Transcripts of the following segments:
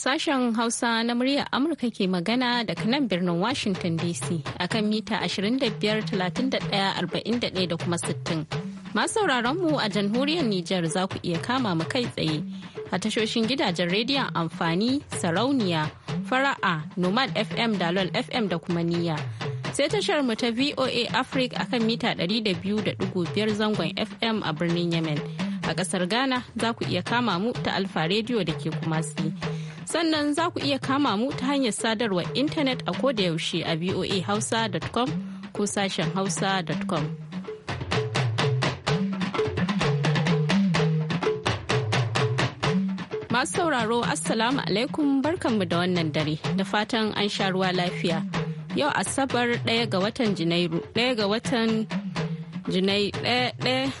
Sashen Hausa na muryar Amurka ke magana daga nan birnin Washington DC akan mita 25-31-41 da kuma 60. Masu mu a jamhuriyar Nijar za ku iya kama mu kai tsaye a tashoshin gidajen rediyon amfani sarauniya fara'a nomad fm dalol fm da kuma niya sai tashar mu ta voa africa akan mita 200.5 zangon fm a birnin yemen a kasar ghana za ku iya kama mu ta alfa rediyo da ke kumasi sannan za ku iya kama mu ta hanyar sadarwar intanet a kodayaushe a voahausa.com ko sashen hausa.com. Masu sauraro Assalamu alaikum barkanmu da wannan dare da fatan an sha ruwa lafiya. Yau Asabar ɗaya ga watan Janairu ɗaya ga watan Janairu ɗaya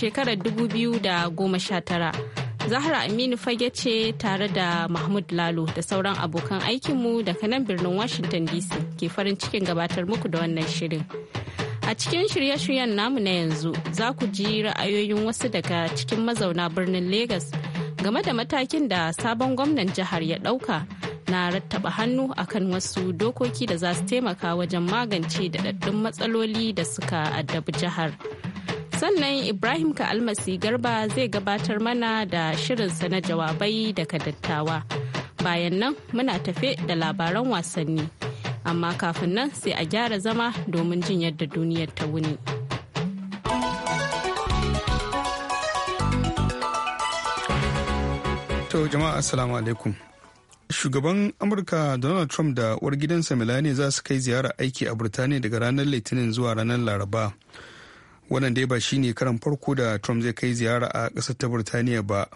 shekarar 2019. Zahra Aminu fage ce tare da Mahmud Lalo da sauran abokan aikinmu daga nan birnin Washington DC ke farin cikin gabatar muku da wannan shirin. A cikin shirye-shiryen namu na yanzu za ku ji ra'ayoyin wasu daga cikin mazauna birnin Legas game da matakin da sabon gwamnan jihar ya ɗauka na rattaba hannu akan wasu dokoki da za su taimaka wajen magance daɗaɗɗun matsaloli da suka addabi jihar. sannan ibrahim ka almasi garba zai gabatar mana da shirinsa na jawabai daga dattawa bayan nan muna tafe da labaran wasanni amma kafin nan sai a gyara zama domin jin yadda duniyar ta wuni. To jama'a assalamu alaikum. Shugaban Amurka Donald Trump da uwar gidansa Melania za su kai ziyara aiki a Burtaniya daga ranar Litinin zuwa ranar Laraba. wannan dai ba ne karan farko da trump zai kai ziyara a kasar ta burtaniya ba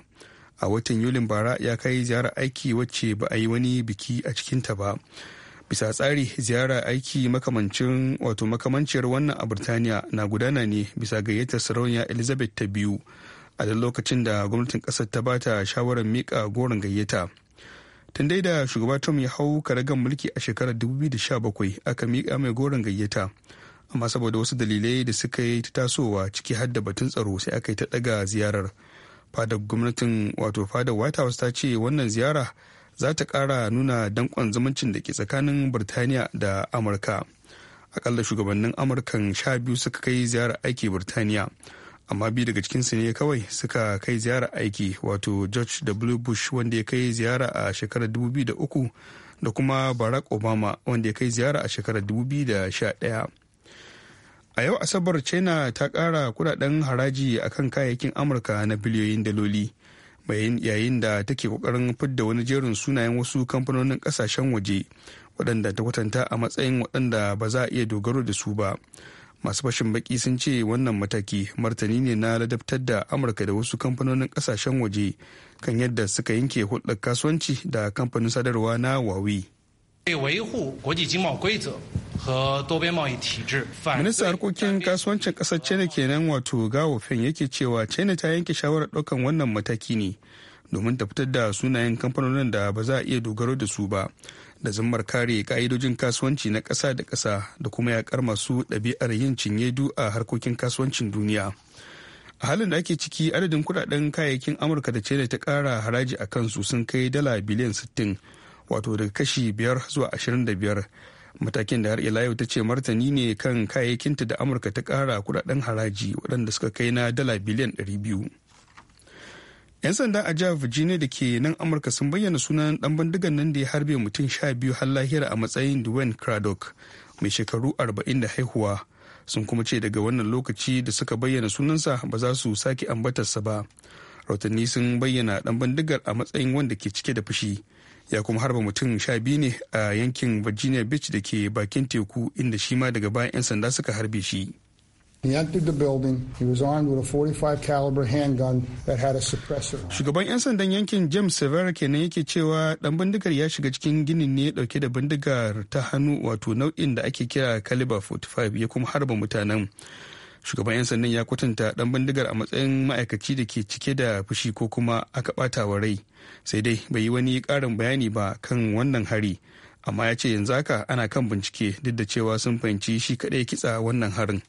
a watan yulin bara ya kai ziyara aiki wacce ba a yi wani biki a cikinta ba bisa tsari ziyara aiki makamancin wato makamanciyar wannan a burtaniya na gudana ne bisa gayyatar sarauniya elizabeth ta biyu a duk lokacin da gwamnatin ƙasar ta ba ta shawarar mika goron gayyata tun dai da shugaba trump ya hau karagan mulki a shekarar 2017 aka mika mai goron gayyata amma saboda wasu dalilai da suka yi ta tasowa ciki hadda batun tsaro sai aka yi ta daga ziyarar fadar gwamnatin wato fadar white house ta ce wannan ziyara za ta kara nuna dankon zumuncin da ke tsakanin birtaniya da amurka akalla shugabannin amurkan sha biyu suka kai ziyarar aiki birtaniya amma biyu daga cikinsu ne kawai suka kai ziyarar aiki wato george w bush wanda ya kai ziyara a shekarar 2003 da kuma barack obama wanda ya kai ziyara a shekarar 2011 a yau asabar china ta kara kudaden haraji a kan kayayyakin amurka na biliyoyin daloli yayin da take kokarin fidda wani jerin sunayen wasu kamfanonin kasashen waje waɗanda ta kwatanta a matsayin waɗanda ba za a iya dogaro da su ba masu fashin baki sun ce wannan mataki martani ne na ladabtar da amurka da wasu kamfanonin kasashen waje kan yadda suka yanke hulɗar kasuwanci da kamfanin sadarwa na huawei 对维护国际经贸规则和多边贸易体制。Ministan harkokin kasuwancin ƙasar China kenan wato Gao Feng yake cewa China ta yanke shawarar ɗaukan wannan mataki ne domin ta fitar da sunayen kamfanonin da ba za a iya dogaro da su ba da zammar kare ka'idojin kasuwanci na ƙasa da ƙasa da kuma yaƙar masu ɗabi'ar yin cinyedu a harkokin kasuwancin duniya. a halin da ake ciki adadin kudaden kayayyakin amurka da china ta kara haraji a kansu sun kai dala biliyan sittin. wato daga kashi biyar zuwa ashirin da biyar matakin da har ila yau ta ce martani ne kan kayayyakinta da amurka ta kara kudaden haraji waɗanda suka kai na dala biliyan biyu 'yan sanda a jihar virginia da ke nan amurka sun bayyana sunan dan bandigar nan da ya harbe mutum sha biyu har lahira a matsayin dwayne craddock mai shekaru arba'in da haihuwa sun kuma ce daga wannan lokaci da suka bayyana sunansa ba za su sake ambatarsa ba rautanni sun bayyana dan bandigar a matsayin wanda ke cike da fushi ya kuma harba mutum sha biyu ne a yankin virginia beach da ke bakin teku inda shi ma daga bayan 'yan sanda suka harbe shi Shugaban 'yan sandan yankin James Severa kenan yake cewa dan bindigar ya shiga cikin ginin ne dauke da bindigar ta hannu wato nau'in da ake kira caliber 45 ya kuma harba mutanen. shugaban 'yan sandan ya kwatanta dan bindigar a matsayin ma'aikaci da ke cike da fushi ko kuma aka bata wa rai sai dai bai yi wani karin bayani ba kan wannan hari amma ya ce yanzu haka ana kan bincike duk da cewa sun fahimci shi kaɗai kitsa wannan harin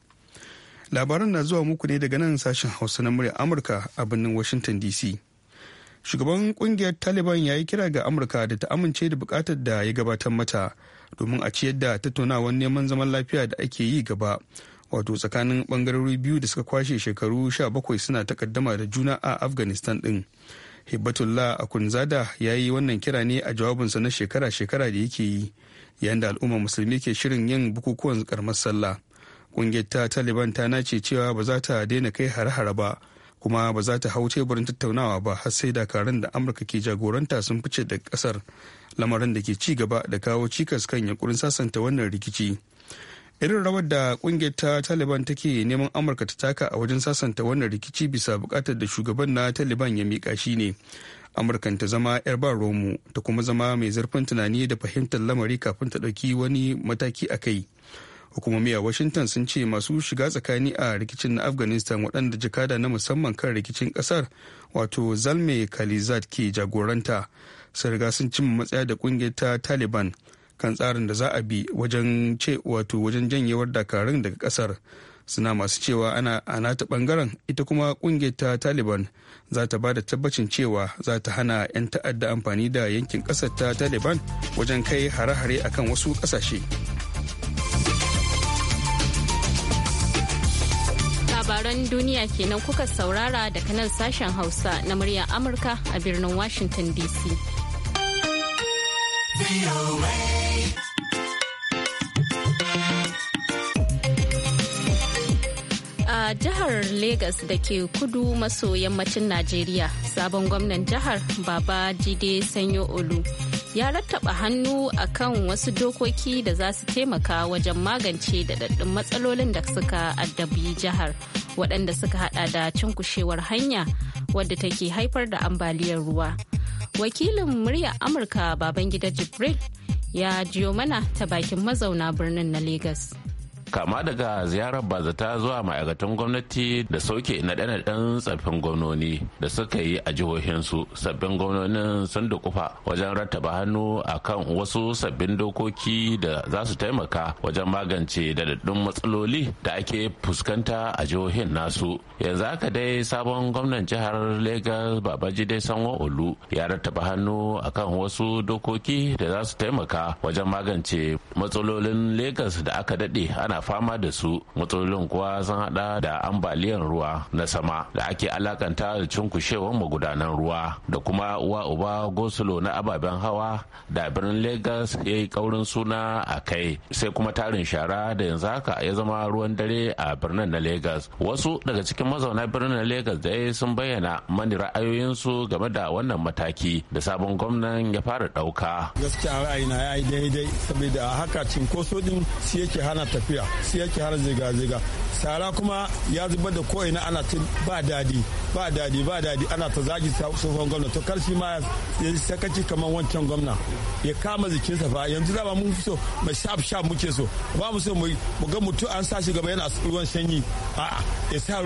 labaran na zuwa muku ne daga nan sashen hausa na murya amurka a birnin washington dc shugaban kungiyar taliban ya yi kira ga amurka da ta amince da bukatar da ya gabatar mata domin a ciyar da tattaunawar neman zaman lafiya da ake yi gaba wato tsakanin bangarori biyu da suka kwashe shekaru 17 suna takaddama da juna a afghanistan din hibbatullah akunzada ya yi wannan kira ne a jawabinsa na shekara-shekara da yake yi yayin da al'ummar musulmi ke shirin yin bukukuwan karamar sallah kungiyar ta taliban ta nace cewa ba za ta daina kai hare-hare ba kuma ba za ta hau teburin tattaunawa ba har sai dakarun da amurka ke jagoranta sun fice da kasar lamarin da ke ci gaba da kawo cikas kan yankurin sasanta wannan rikici irin rawar da kungiyar ta taliban take neman amurka ta taka a wajen sasanta wannan rikici bisa bukatar da shugaban na taliban ya mika shi ne amurkan ta zama yar ba romu ta kuma zama mai zurfin tunani da fahimtar lamari kafin ta ɗauki wani mataki a kai hukumomi a washington sun ce masu shiga tsakani a rikicin na afghanistan waɗanda jakada na musamman kan rikicin ƙasar wato zalme khalizad ke jagoranta sun riga sun cimma matsaya da ƙungiyar ta taliban kan tsarin da za a bi wajen ce wato wajen janyewar dakarun daga kasar suna masu cewa ana anata ta bangaren ita kuma kungiyar ta taliban za ta ba da tabbacin cewa za ta hana 'yan ta'adda amfani da yankin kasar ta taliban wajen kai hare-hare akan wasu kasashe labaran duniya kenan kuka saurara da nan sashen hausa na muryar amurka a birnin washington dc A jihar Legas da ke kudu maso yammacin Najeriya, sabon gwamnan jihar Baba Jide Sanyo Olu ya rattaba hannu a kan wasu dokoki da za su taimaka wajen magance daɗaɗɗun matsalolin da suka addabi jihar waɗanda suka haɗa da cunkushewar hanya wadda take haifar da ambaliyar ruwa. wakilin murya amurka babangida jibril ya jiyo mana ta bakin mazauna birnin na Legas. kama daga ziyarar bazata zuwa ma'aikatan gwamnati da sauke na ɗan ɗan tsaffin gwamnoni da suka yi a jihohinsu sabbin gwamnonin sun da kufa wajen rattaba hannu kan wasu sabbin dokoki da za su taimaka wajen magance dadaddun matsaloli da ake fuskanta a jihohin nasu yanzu haka dai sabon gwamnan jihar lagos babajide sanwo olu ya rattaba hannu akan wasu dokoki da za su taimaka wajen magance matsalolin Legas da aka daɗe ana fama da su matsalolin kuwa sun hada da ambaliyar ruwa na sama da ake alakanta da cunkushewar magudanan ruwa da kuma uwa uba gosulo na ababen hawa da birnin lagos ya yi kaurin suna a kai sai kuma tarin shara da yanzu haka ya zama ruwan dare a birnin na lagos wasu daga cikin mazauna birnin na lagos da sun bayyana mani ra'ayoyinsu game da wannan mataki da sabon gwamnan ya fara dauka gaskiya ra'ayi na ya yi daidai saboda haka cinkoso din shi yake hana tafiya lafiya sai yake har ziga-ziga sara kuma ya zubar da ko'ina ana ta ba dadi ba dadi ba dadi ana ta zagi tsohon gwamna to kar shi ma ya sakaci kamar wancan gwamna ya kama jikinsa fa yanzu za mu so mai shaf shaf muke so ba mu so mu ga mutum an sa gaba yana ruwan sanyi a ya sa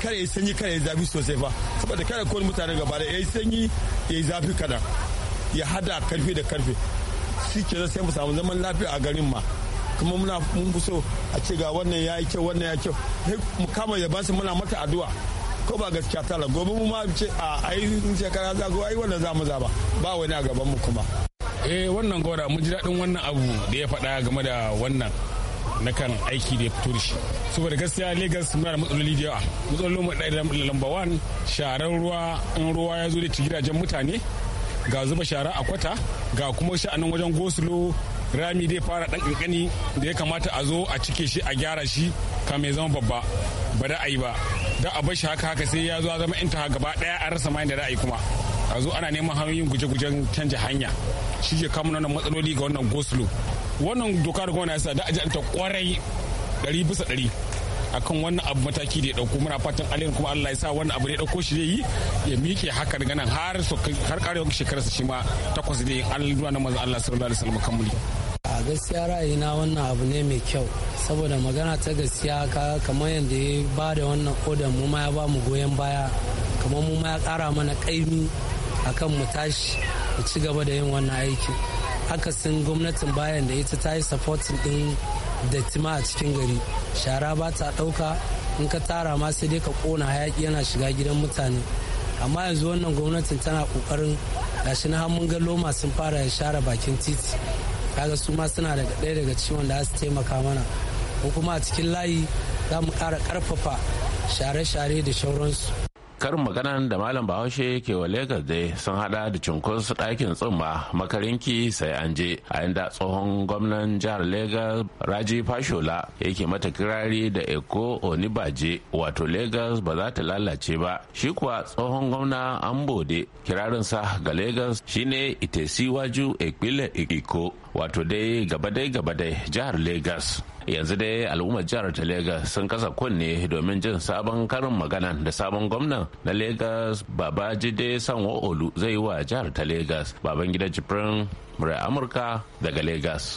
kare ya sanyi kare ya zafi sosai fa saboda kare kowane mutane gaba da ya sanyi ya yi zafi kada ya hada karfi da karfe shi ke sai mu samu zaman lafiya a garin ma kuma muna mun so a ce ga wannan ya yi kyau wannan ya kyau mu kama ya basu muna mata addu'a ko ba gaskiya tala gobe mu ma ce a ai shekara za go ai wannan za mu zaba ba wani a gaban mu kuma eh wannan gora mun ji daɗin wannan abu da ya faɗa game da wannan na kan aiki da ya fito da shi saboda gaskiya lagos muna da matsaloli da yawa matsalolin mu da lamba wan sharar ruwa in ruwa ya zo da ci gidajen mutane ga zuba shara a kwata ga kuma sha'anin wajen gosulo rami dai fara dan kankani da ya kamata a zo a cike shi a gyara shi ka mai zama babba ba da ayi ba da a bar shi haka haka sai ya zo a zama inta gaba daya a rasa mai da ra'ayi kuma a zo ana neman hanyoyin guje-gujen canja hanya shi ke kama wannan matsaloli ga wannan goslo wannan doka da gwamnati yasa da a ta kwarai dari bisa a akan wannan abu mataki da ya dauko muna fatan alin kuma Allah ya sa wannan abu da ya dauko shi zai yi ya miƙe haka daga ganin har har karewar shekararsa shi ma takwas da yin alluwa na manzo Allah sallallahu alaihi wasallam kamuli a gaskiya ra'ayina wannan abu ne mai kyau saboda magana ta gaskiya ka kamar yadda ya ba da wannan odan mu ma ya ba mu goyon baya kamar mu ma ya kara mana kaimi akan mu tashi mu ci gaba da yin wannan aiki haka akasin gwamnatin bayan da ita ta yi supporting din da tima a cikin gari shara ba ta dauka in ka tara ma sai dai ka kona hayaki yana shiga gidan mutane amma yanzu wannan gwamnatin tana kokarin gashi na mun ga loma sun fara ya share bakin titi kaga su ma suna da ɗaya daga cikin wanda su taimaka mana ko kuma a cikin layi za mu ƙara ƙarfafa share-share da shauransu karin maganar da malam bahaushe ke wa lagos dai sun hada da cunkosu ɗakin tsumma makarinki sai an je a inda tsohon gwamnan jihar lagos raji fashola yake mata kirari da eko onibaje wato lagos ba za ta lalace ba shi kuwa tsohon gwamna ambode kirarinsa ga lagos shine itesiwaju ekpile iko wato dai gaba dai gaba dai jihar Legas. yanzu dai al'ummar jihar ta Legas sun kasa kunne domin jin sabon karin magana da sabon gwamnan na Legas Babajide Sanwo Olu zai yi wa jihar ta Legas baban gida Jibrin murai Amurka daga Legas.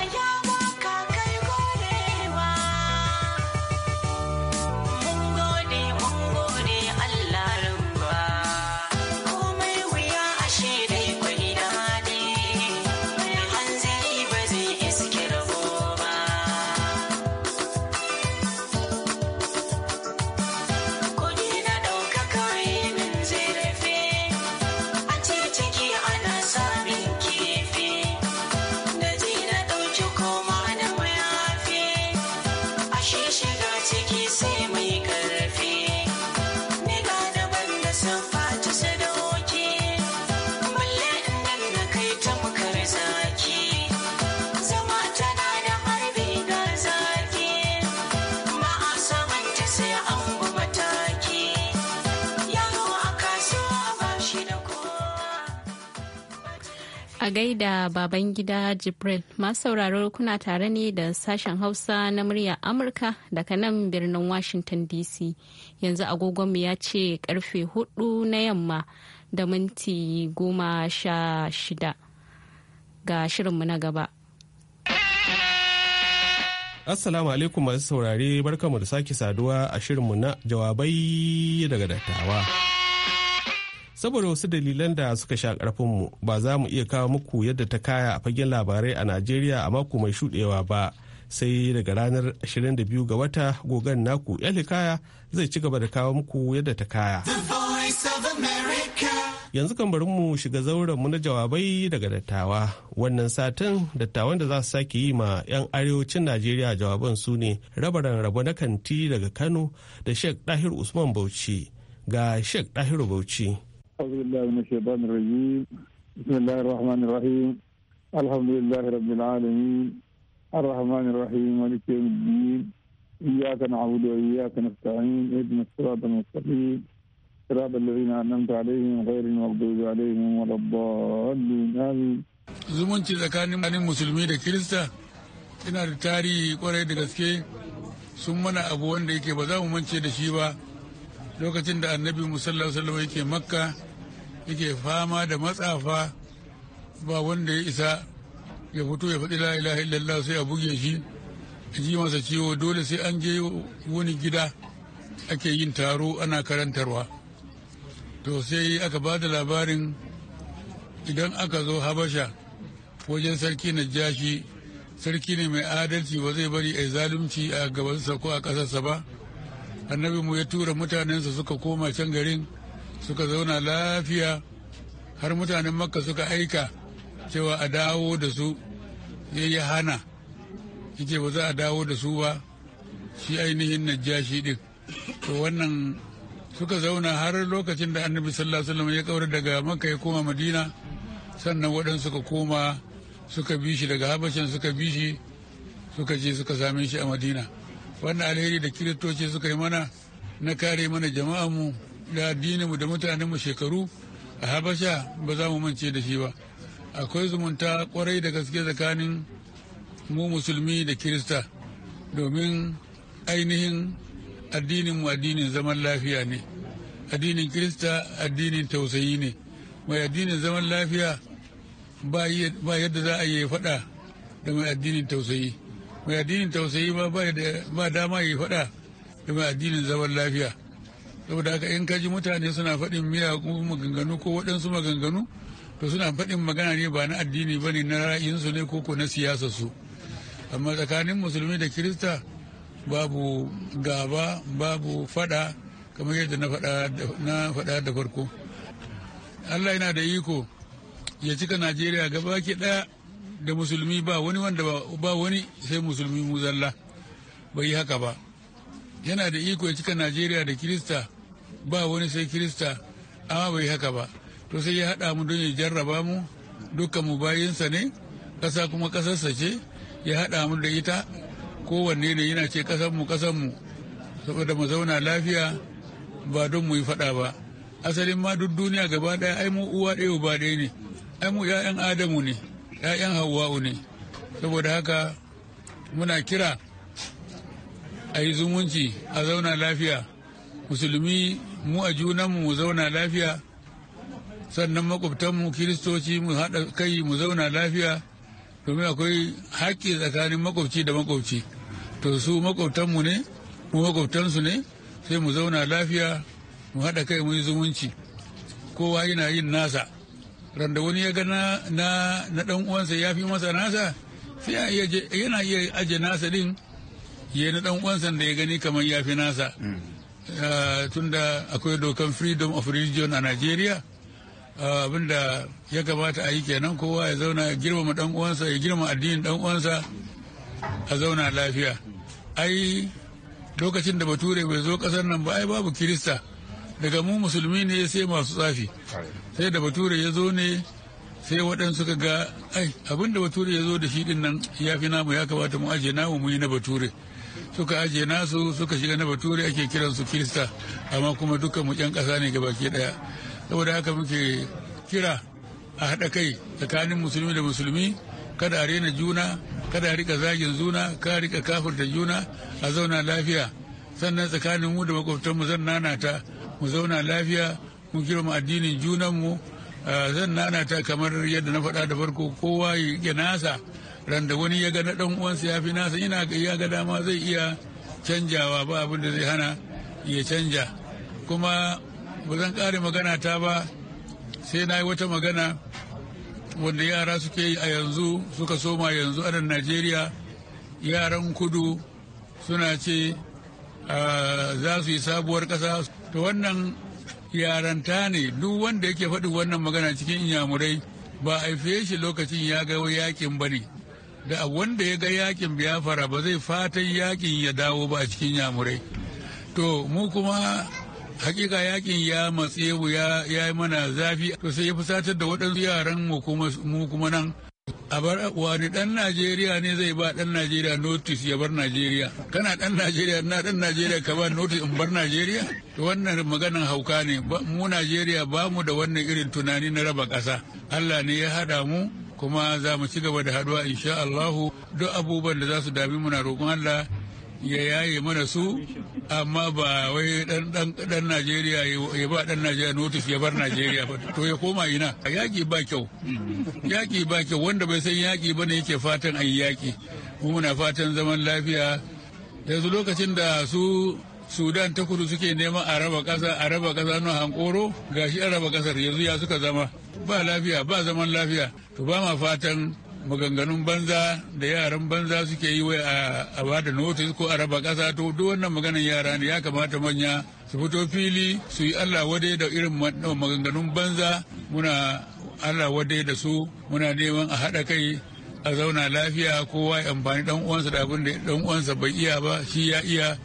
A gaida baban gida Jibril, masu sauraro kuna tare ne da sashen Hausa na murya Amurka daga nan birnin Washington DC. Yanzu agogonmu ya ce karfe hudu na yamma da minti goma sha shida ga shirinmu na gaba. Assalamu alaikum masu saurare barkamu da sake saduwa a shirinmu na jawabai daga dattawa. saboda wasu dalilan da suka sha karfinmu ba za mu iya kawo muku yadda ta kaya a fagen labarai a najeriya a mako mai shuɗewa ba sai daga ranar 22 ga wata gogan naku kaya zai ci gaba da kawo muku yadda ta kaya yanzu kan bari mu shiga zauren mu na jawabai daga dattawa wannan satin dattawan da za su sake yi ma 'yan arewacin najeriya jawaban su ne rabaran rabo na kanti daga kano da sheikh dahir usman bauchi ga sheikh dahir bauchi أعوذ بالله من الشيطان الرجيم بسم الله الرحمن الرحيم الحمد لله رب العالمين الرحمن الرحيم مالك يوم الدين إياك نعبد وإياك نستعين اهدنا الصراط المستقيم صراط الذين أنعمت عليهم غير المغضوب عليهم ولا الضالين آمين zumunci tsakanin musulmi da kirista ina da tarihi kwarai da gaske sun mana abu wanda yake lokacin da annabi musallar salama yake makka yake fama da matsafa ba wanda ya isa ya fito ya faɗi la illallah sai a buge shi a ji masa ciwo dole sai an je wani gida ake yin taro ana karantarwa to sai aka ba da labarin idan aka zo habasha wajen sarki najashi sarki ne mai adalci ba zai bari a zalunci a gabansa ko a ƙasarsa ba annabi mu ya tura mutanensa suka koma can garin suka zauna lafiya har mutanen makka suka aika cewa a dawo da su ya yi hana yace ba za a dawo da su ba shi ainihin najashi din to wannan suka zauna har lokacin da annabi sallallahu alaihi wasallam ya kaura daga makka ya koma madina sannan waɗansu suka koma suka bi shi daga habashin suka bi shi suka je suka same shi a madina wannan alheri da kiristoci suka yi mana na kare mana jama'anmu da addininmu da mutanenmu shekaru a habasha ba za mu mance da shi ba akwai zumunta kwarai da gaske tsakanin mu musulmi da kirista domin ainihin addinin mu addinin zaman lafiya ne addinin kirista addinin tausayi ne mai addinin zaman lafiya ba yadda za a yi faɗa da mai addinin tausayi mai addinin tausayi ma ba dama ya faɗa da mai addinin zaman lafiya saboda haka in kaji mutane suna faɗin miyagun maganganu ko waɗansu maganganu to suna faɗin magana ne ba na addini ba ne na ra'ayinsu ne ko na siyasa su amma tsakanin musulmi da kirista babu gaba babu faɗa kamar yadda na faɗa da farko allah yana da iko ya cika najeriya gaba ke ɗaya da musulmi ba wani wanda ba wani sai musulmi muzalla bai yi haka ba yana da iko ya cika najeriya da kirista ba wani sai kirista amma bai yi haka ba to sai ya haɗa mu don ya jarraba mu dukkan mu bayinsa ne ƙasa kuma ƙasarsa ce ya haɗa mu da ita kowanne ne yana ce mu ƙasanmu mu saboda mu zauna lafiya ba don mu yi faɗa ba asalin ma duk duniya gaba ɗaya ai mu uwa ɗaya ba ɗaya ne ai mu 'ya'yan adamu ne 'ya'yan hawa'u ne saboda haka muna kira a yi zumunci a zauna lafiya musulmi mu a junanmu mu zauna lafiya sannan makwabtanmu kiristoci mu haɗa kai mu zauna lafiya domin akwai haƙƙi tsakanin makwabci da makwabci to su makwabtanmu ne mu makwabtansu ne sai mu zauna lafiya mu haɗa kai mu yi zumunci kowa yana yin nasa randa wani ya ga na na dan uwansa ya fi masa nasa sai yana iya aje nasa din ya na dan uwansa da ya gani kamar ya fi nasa mm. ah, tunda akwai dokan freedom of religion a Najeriya ah, abinda ya kamata a yi kenan kowa ya zauna ya girmama dan uwansa ya girmama addinin dan uwansa a zauna lafiya ai lokacin da bature bai zo kasar nan ba ai babu kirista daga mu musulmi ne sai masu tsafi sai da bature ya zo ne sai waɗansu ka ga ai abin da bature ya zo da shi din nan ya fi namu ya kamata mu aje namu mu yi na bature suka ajiye nasu suka shiga na bature ake kiransu kirista amma kuma dukkan mu ƴan ƙasa ne gabaki ɗaya saboda haka muke kira a haɗa kai tsakanin musulmi da musulmi kada a rena juna kada a rika zagin juna kada a rika kafirta juna a zauna lafiya sannan tsakanin mu da makwabtanmu zan nanata mu zauna lafiya mu girma addinin junanmu zan nana ta kamar yadda na faɗa da farko kowa ya nasa randa wani ya ga na ɗan uwansa ya fi nasa ina ga ya ga dama zai iya canjawa ba abin da zai hana ya canja kuma ba zan ƙare magana ta ba sai na yi wata magana wanda yara suke yi a yanzu suka soma yanzu a nan najeriya yaran kudu suna ce za su yi sabuwar ƙasa to wannan yaranta ne duk wanda yake faɗi wannan magana cikin inyamurai ba a shi lokacin ya ga yakin ba ne da wanda ya ga yakin biyafara ba zai fatan yakin ya dawo ba a cikin yamurai to mu kuma hakika yakin ya matse ya yi mana zafi to sai ya fusatar da waɗansu yaran mu kuma nan a bar wani dan najeriya ne zai ba dan najeriya notice ya bar najeriya kana dan najeriya na dan najeriya ka ba notice in bar najeriya to wannan maganan hauka ne mu najeriya ba mu da wannan irin tunani na raba kasa allah ne ya hada mu kuma za mu ci gaba da haduwa insha Allahu duk abubuwan da za su dami na roƙon Allah ya yaye mana su amma ba wai dan Najeriya ya ba dan Najeriya notice ya bar Najeriya ba to ya koma ina yaki ba kyau yaki ba kyau wanda bai san yaki ba ne yake fatan an yaki muna fatan zaman lafiya yanzu lokacin da su sudan ta kudu suke neman a raba kasa a raba kasa na hankoro gashi a raba kasar yanzu ya suka zama ba lafiya ba zaman lafiya to ba ma fatan maganganun banza da yaran banza suke yi wai a bada notice ko a raba kasa to duk wannan maganan yara ne ya kamata manya su fito fili su yi allah wadai da irin maganganun banza muna allah wadai da su muna neman a haɗa kai a zauna lafiya kowa ya amfani dan uwansa da abin da dan uwansa bai iya ba shi ya iya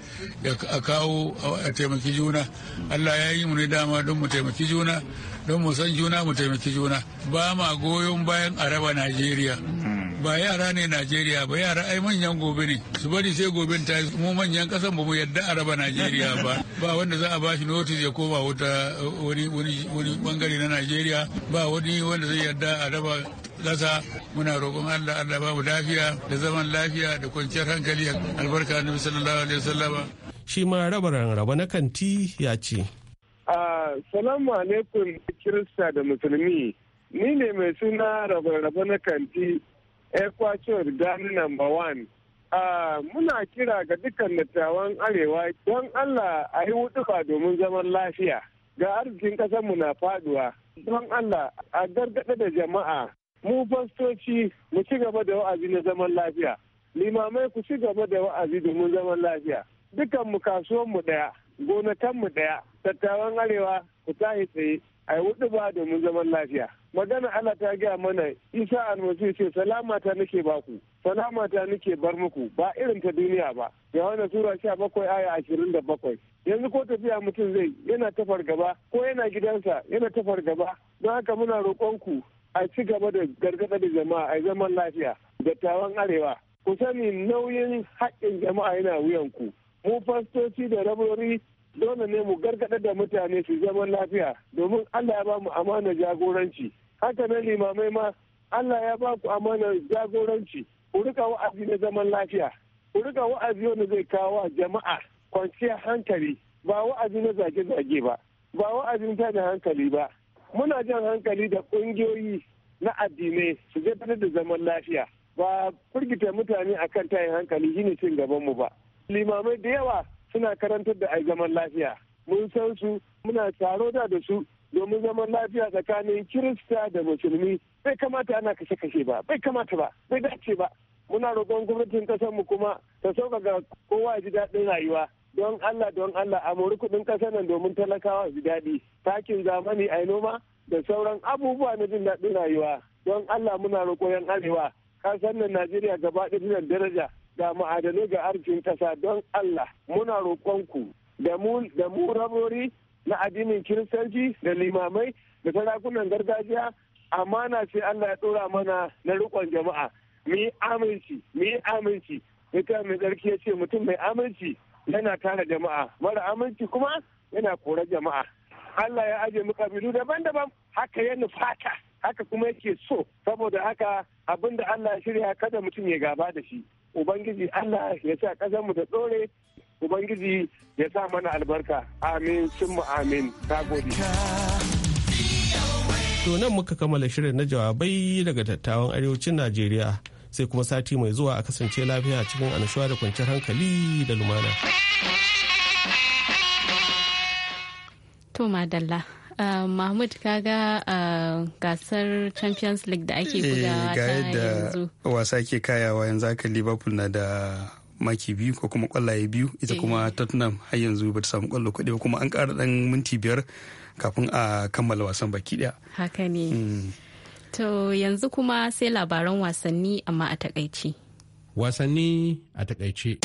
ya kawo a taimaki juna Allah ya yi mu ne dama don mu taimaki juna don mu san juna mu taimaki juna ba ma goyon bayan araba najeriya hmm. ba yara ne najeriya ba yara ai manyan gobe ne su bari sai gobe ta mu manyan kasan ba mu yadda araba najeriya ba ba wanda za a ba shi notice ya koma wata wani wani bangare na najeriya ba wani wanda zai yadda araba ƙasa muna roƙon Allah Allah ba mu lafiya da zaman lafiya da kwanciyar hankali albarka annabi sallallahu alaihi wasallama shi ma rabaran raba na kanti ya ce A Salamu alaikum Kirista da Musulmi, ni ne mai suna rabe-rabe na kanti Equator Gani number one. Muna kira ga dukkan dattawan Arewa don Allah a yi wutufa domin zaman lafiya ga arzikin ƙasarmu na faduwa. Don Allah a gargaɗa da jama'a, mu fastoci mu ci gaba da wa'azi na zaman lafiya. Limamai ku ci gaba da wa'azi domin zaman lafiya. Dukanmu kasuwanmu ɗaya. gonakanmu daya tattawan arewa ku tahi tsaye a yi hudu ba domin zaman lafiya magana Allah ta gaya mana isa almasi ce salama ta nake baku salama ta nake bar muku ba irin ta duniya ba yohana sura sha bakwai aya ashirin da bakwai yanzu ko tafiya mutum zai yana tafar gaba ko yana gidansa yana tafar gaba don haka muna roƙonku a ci gaba da gargaɗa da jama'a a zaman lafiya dattawan arewa ku sani nauyin haƙƙin jama'a yana wuyanku mu fastoci da rabori dole ne mu gargaɗa da mutane su zaman lafiya domin Allah ya ba mu amana jagoranci haka nan limamai ma Allah ya ba ku amana jagoranci ku rika wa'azi na zaman lafiya ku rika wa'azi wanda zai kawo wa jama'a kwanciyar hankali ba wa'azi na zage-zage ba ba wa'azin ta da hankali ba muna jan hankali da ƙungiyoyi na addinai su zai da zaman lafiya ba firgita mutane akan tayin hankali shine cin gaban mu ba limamai da yawa suna karantar da ai zaman lafiya mun san su muna taro da da su domin zaman lafiya tsakanin kirista da musulmi bai kamata ana kashe-kashe ba bai kamata ba bai dace ba muna roƙon gwamnatin ƙasar mu kuma ta sauƙaƙa kowa ji daɗin rayuwa don Allah don Allah a mori kuɗin ƙasar nan domin talakawa ji daɗi takin zamani a noma da sauran abubuwa na jin daɗin rayuwa don Allah muna roƙo yan arewa kasar nan Najeriya gaba ɗaya daraja da ma'adanai ga arzikin kasa don Allah muna roƙonku da mu rabori na addinin kiristanci da limamai da sarakunan gargajiya amana sai Allah ya ɗora mana na rukon jama'a mu yi aminci mu yi aminci ita mai tsarki ya ce mutum mai aminci yana tara jama'a mara aminci kuma yana kora jama'a Allah ya aje mu kabilu daban-daban haka ya nufata haka kuma yake so saboda haka abinda Allah ya shirya kada mutum ya gaba da shi ubangiji allah ya sa ƙasar mu ta tsore ubangiji ya sa mana albarka amin sun mu amin to nan muka kammala shirin na jawabai daga tattawan arewacin najeriya sai kuma sati mai zuwa a kasance lafiya cikin annashuwa da kwanciyar hankali da lumana. To madalla Uh, Mahmud kaga uh, gasar Champions League da ake eh, gudawa ta yanzu. wasa ke kayawa yanzu haka Liverpool na da maki biyu ko kuma kwallaye biyu ita kuma eh. Tottenham har yanzu bata samu kwallo kuɗi kuma an ƙara ɗan minti biyar kafin a kammala wasan baki ɗaya. Haka ne. Mm. To yanzu kuma sai labaran wasanni amma a takaici. Wasanni a takaice.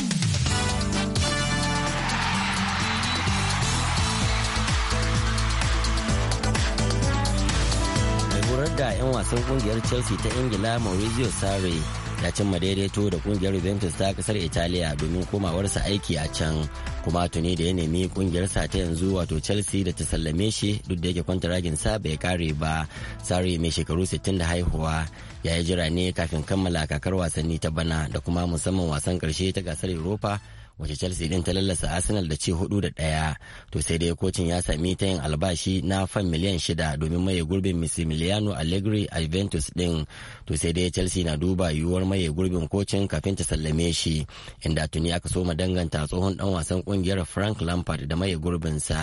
wasan kungiyar chelsea ta ingila maurizio sarri ya cimma daidaito da kungiyar juventus ta kasar italiya domin komawarsa aiki a can kuma tuni da ya nemi kungiyarsa ta yanzu wato chelsea da ta sallame shi duk da yake kwantaragin sa bai kare ba sarri mai shekaru 60 da haihuwa ya yi jira ne kafin kammala kakar wasanni ta bana da kuma musamman wasan karshe ta gasar europa wace chelsea din ta lallasa arsenal da ci hudu da daya to sai dai kocin ya sami ta yin albashi na fan miliyan shida domin maye gurbin missimiliano allegri a juventus din to sai dai chelsea na duba yiwuwar maye gurbin kocin kafin ta sallame shi inda tuni aka so danganta tsohon dan wasan kungiyar frank lampard da maye gurbinsa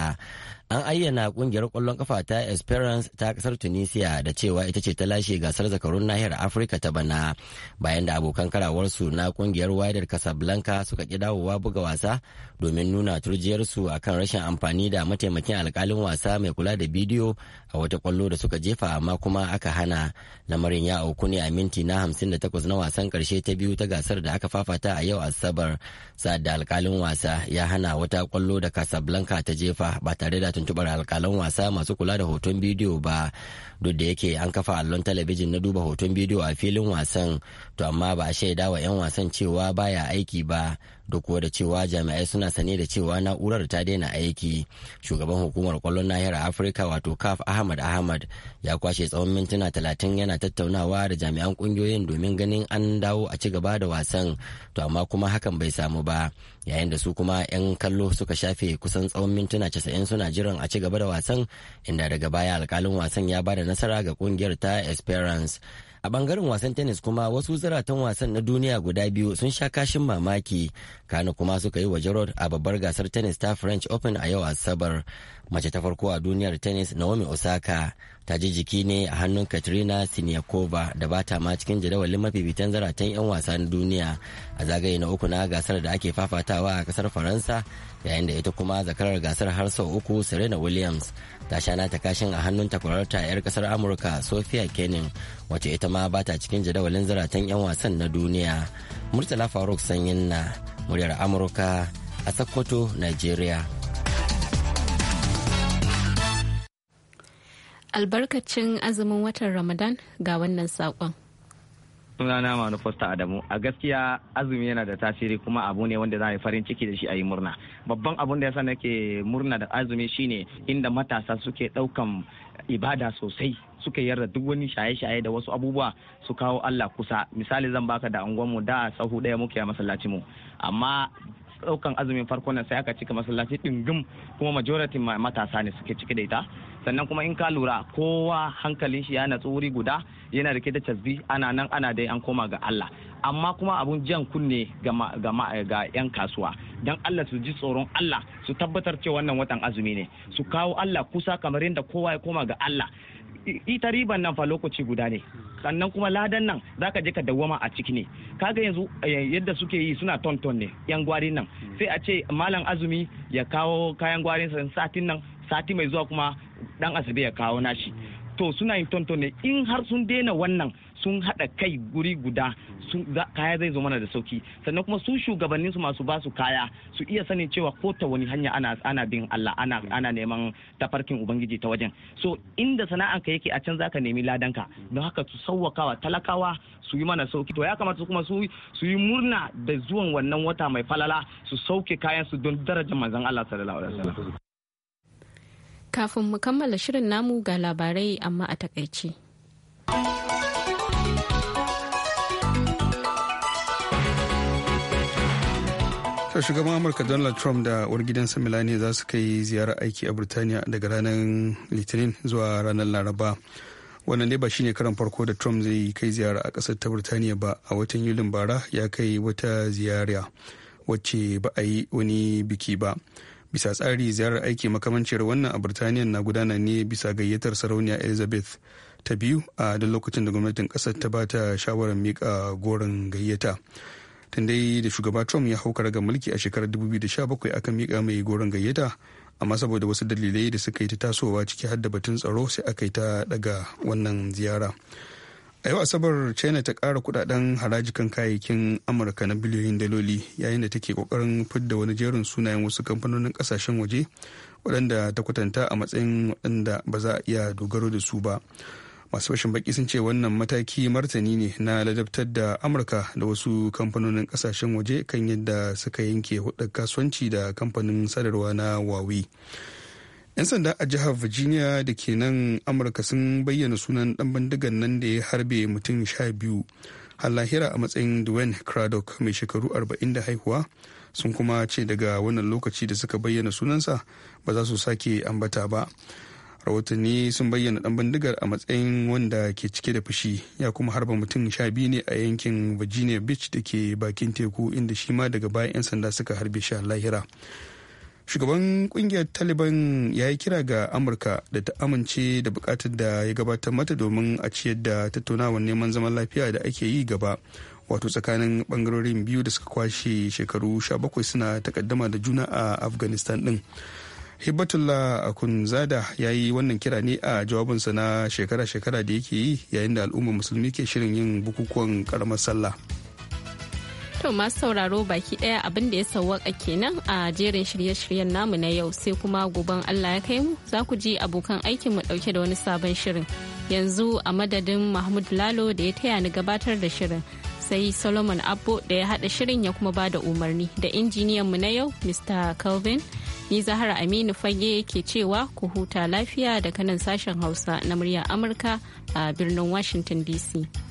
An ayyana kungiyar kwallon kafa ta Esperance ta kasar Tunisia da cewa ita ce ta lashe gasar zakarun nahiyar Afirka ta bana bayan da abokan karawarsu na kungiyar Wider Casablanca suka ki dawowa buga wasa domin nuna turjiyarsu a kan rashin amfani da mataimakin alkalin wasa mai kula da bidiyo a wata kwallo da suka jefa amma kuma aka hana lamarin ya auku ne a minti na 58 na wasan karshe ta biyu ta gasar da aka fafata a yau Asabar sa'ad da alkalin wasa ya hana wata kwallo da Casablanca ta jefa ba tare da tuntubar alkalan wasa masu kula da hoton bidiyo ba duk da yake an kafa allon talabijin na duba hoton bidiyo a filin wasan to amma ba a shaida wa 'yan wasan cewa baya aiki ba duk da cewa jami'ai suna sane da cewa na'urar ta daina aiki shugaban hukumar kwallon nahiyar afirka wato kaf ahmad ahmad ya kwashe tsawon mintuna talatin yana tattaunawa da jami'an kungiyoyin domin ganin an dawo a ci gaba da wasan to amma kuma hakan bai samu ba yayin da su kuma 'yan kallo suka shafe kusan tsawon mintuna 90 suna jiran a ci gaba da wasan inda daga baya alkalin wasan ya bada nasara ga kungiyar ta Esperance. A bangaren wasan tennis kuma wasu zaratan wasan na duniya guda biyu sun sha kashin mamaki, kano kuma suka yi wa Gerard a babbar gasar tennis ta French Open a yau Asabar. Mace ta farko a duniyar tennis Naomi Osaka ta ji jiki ne a hannun katrina siniakova da ba ta ma cikin jadawalin mafifitan zaratan 'yan wasan na duniya a zagaye na uku na gasar da ake fafatawa a kasar faransa yayin da ita kuma zakarar gasar har sau uku serena williams ta sha nata kashin a hannun takwararta 'yar kasar amurka sophia kenin wacce ita ma ba ta cikin jadawalin zaratan 'yan wasan na duniya murtala faruk sanyin na muryar amurka a sokoto nigeria albarkacin azumin watan ramadan ga wannan saƙon. sunana manufosta adamu a gaskiya azumi yana da tasiri kuma abu ne wanda za yi farin ciki da shi a yi murna babban abun da ya yasa ke murna da azumi shine inda matasa suke ɗaukan ibada sosai suka yarda duk wani shaye-shaye da wasu abubuwa su kawo Allah kusa misali zan baka da unguwanmu da sahu ɗaya muke a masallacin mu amma ɗaukan azumin farko nan sai aka cika masallaci ɗingim kuma majority matasa ne suke ciki da ita sannan kuma in ka lura kowa hankalin shi ya tsuri guda yana rike da tasbi ana nan ana dai an koma ga Allah amma kuma abun jan kunne ga 'yan kasuwa don Allah su ji tsoron Allah su tabbatar cewa wannan watan azumi ne su kawo Allah kusa kamar yadda kowa ya koma ga Allah ita riban nan fa lokaci guda ne sannan kuma ladan nan zaka je ka dawwama a ciki ne kaga yanzu eh, yadda suke yi suna tonton ne yan gwarin nan sai a ce malam azumi ya kawo kayan gwarin satin nan sati mai zuwa kuma dan asibi ya kawo nashi to suna yin tonto in har sun daina wannan sun hada kai guri guda kaya zai zo mana da sauki sannan kuma su shugabannin su masu basu kaya su iya sanin cewa ko ta wani hanya ana ana bin Allah ana ana neman tafarkin ubangiji ta wajen so inda ka yake a can zaka nemi ladanka don haka su sauwakawa talakawa su yi mana sauki to ya kamata kuma su su yi murna da zuwan wannan wata mai falala su sauke kayan su don darajar manzon Allah sallallahu alaihi wasallam Kafin mu kammala shirin namu ga labarai amma a takaice ta shugaban amurka donald trump da wargidansa gidansa melania za su kai ziyarar aiki a birtaniya daga ranar litinin zuwa ranar laraba wannan dai ba shine karan farko da trump zai kai ziyara a kasar ta birtaniya ba a watan yulin bara ya kai wata ziyara wacce ba a yi wani biki ba bisa tsari ziyarar aiki makamanciyar wannan a birtaniya na gudana ne bisa gayyatar sarauniya elizabeth ta biyu a da lokacin da gwamnatin kasar ta bata shawarar mika goron gayyata tun dai da shugaba trump ya hauka ga mulki a shekarar 2017 aka mika mai goron gayyata amma saboda wasu dalilai da suka yi ta tasowa ciki har da batun tsaro sai aka yi ta daga wannan ziyara. a yau asabar china ta kara kudaden haraji kan kayayyakin amurka na biliyoyin daloli yayin da take kokarin fidda wani jerin sunayen wasu kamfanonin kasashen waje waɗanda ta kwatanta a matsayin waɗanda ba za a iya dogaro da su ba masu fashin baki sun ce wannan mataki martani ne na ladabtar da amurka da wasu kamfanonin kasashen waje kan yadda suka yanke hudar kasuwanci da kamfanin sadarwa na huawei 'yan sanda a jihar virginia da ke nan amurka sun bayyana sunan dan bindigan nan da ya harbe mutum sha biyu lahira a matsayin dwayne craddock mai shekaru 40 da haihuwa sun kuma ce daga wannan lokaci da suka bayyana sunansa ba za su sake ambata ba rahotanni sun bayyana dan bindigar a matsayin wanda ke cike da fushi ya kuma harba mutum sha biyu ne a yankin virginia beach da ke bakin teku inda shi ma daga baya 'yan sanda suka harbe shi lahira shugaban kungiyar taliban ya yi kira ga amurka da ta amince da bukatar da ya gabatar mata domin a ciyar da tattaunawar neman zaman lafiya da ake yi gaba wato tsakanin bangarorin biyu da suka kwashe shekaru 17 suna takaddama da juna a afghanistan din hibbatullah akunzada ya yi wannan kira ne a jawabinsa na shekara-shekara da yake yi yayin da al'ummar musulmi ke shirin yin bukukuwan karamar sallah To masu sauraro baki ɗaya abin da ya sauwaka kenan a jerin shirye-shiryen namu na yau sai kuma goben Allah ya kai mu za ku ji abokan aikin mu ɗauke da wani sabon shirin. Yanzu a madadin Mahmud Lalo da ya taya ni gabatar da shirin sai Solomon Abbo da ya haɗa shirin ya kuma bada umarni da injiniyan mu na yau Mr. Calvin. Ni Zahara Aminu Fage ke cewa ku huta lafiya da kanan sashen Hausa na muryar Amurka a birnin Washington DC.